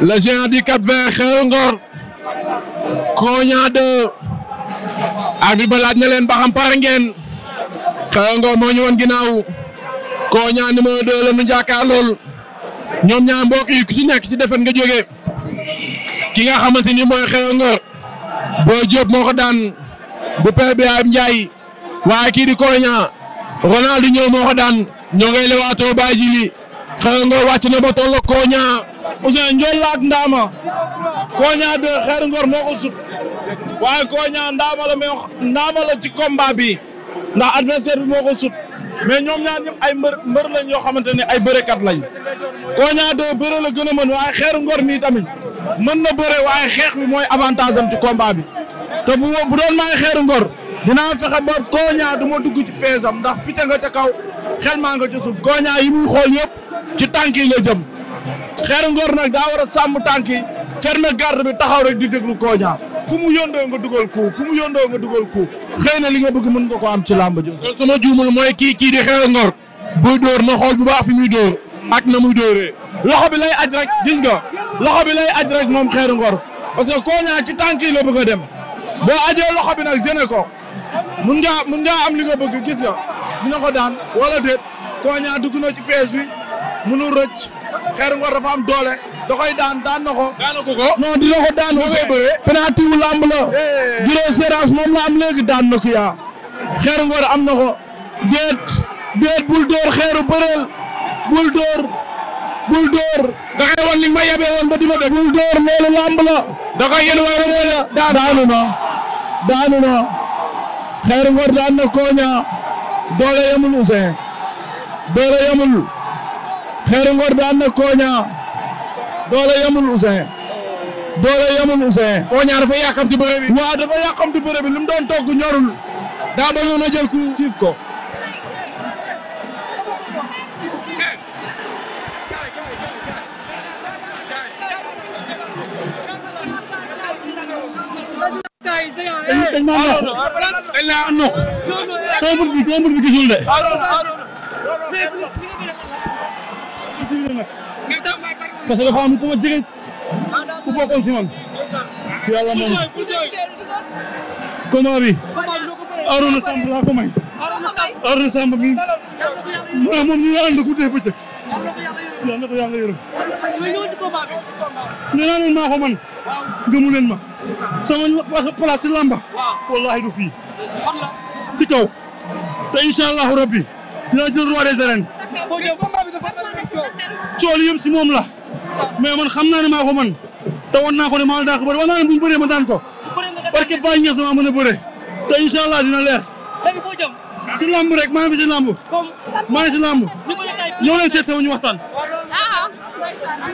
le géant di Cap-Vert Xeweul Ngor Konia 2 arbitre na leen ba xam pare ngeen Xeweul Ngor moo ñu woon ginnaaw Konia numéro 2 la ñu jàkkaar lool ñoom ñaar mbokk yi ku ci nekk ci defen nga jóge ki nga xamante ni mooy Xeweul boo Diop moo ko daan bu père bi am waaye kii di Konia Ronaldo ñëw moo daan ñoo ngay lewaatoo bàyyi ji xeer ngor wàcc na ba toll ak Koña. Ousseyn Ndiol la ak Ndama. Koña de xeer moo ko sut. waaye Koña Ndama la mais Ndama la ci combat bi ndax adversaire bi moo ko sut. mais ñoom ñaar ñëpp ay mbër mbër lañ yoo xamante ne ay bërekat lañ. Koña de bëre la gën a mën waaye xeer ngor mën na bëre waaye xeex bi mooy avantage am ci combat bi. te bu bu doon maay xeer ngor. dinaa fexe ba Koña du dugg ci peesam ndax pite nga ca kaw xel maa nga ca suuf Koña yi xool yëpp. ci tànk yi la jëm Xeeru Ngor nag daa war a sàmm tànk yi fermer garde bi taxaw rek di déglu Konia fu ko fu mu yóndoo nga dugal ko xëy li nga bëgg mën nga ko am ci làmb ji. kon sama juumul mooy kii kii di Xeeru Ngor buy dóor na xool bu baax fi muy dóor ak na muy dóoree. loxo bi lay aj rek gis nga loxo bi lay aj rek moom Xeeru Ngor parce que Konia ci tànk la bëgg a dem boo ajee loxo bi nag génne ko mun ngaa mun ngaa am li nga bëgg gis nga dina ko daan wala déet Konia dugg na ci piège mënul rëcc xeeru ngor dafa am doole da koy daan daan na ko. daan na ko ko daan. bu wu lamb la. juróom moom la am daan na ko yaa. am na ko. déet déet bul door xeeru bëreel bul door bul door. da koy wan li ma yebee woon ba di ma daan daanu na daan na koo doole yemul Ousseyn doole yemul. Xeeru Ngor daan na Koña doole yamul Ousseyn doole yamul Ousseyn. Koña dafa yàqamti bëre bi. waaw dafa yàqamti bëre bi doon togg ñorul. daa doon na jël ku siif ko. dañ ma dañ laa nokk. soo de. ci biir nag parce que dafa am ku ma jege ah, ku bokkoon si man yàlla moom combat bi Arouna Samb laa ko may Arouna Samb mi maanaam moom ñu ngi ànd ku dee bëccëg yàlla na ko yàlla yërëm nee naa leen maa ko man gëmu ma sama place si lamba wallahi du fii si kaw te incha allahu rabbi dinaa jël roi des cool yëm si moom la mais man xam naa ne maa ko man te wan ko ne maa daan ko bëri wan naa ne bu ñu ma daan ko parce que bàyyi ñes dama mën a bëre te incha allah leer si lamb rek maa ngi si lamb maa ngi si lamb ñëw leen seet sama ñu waxtaan ah.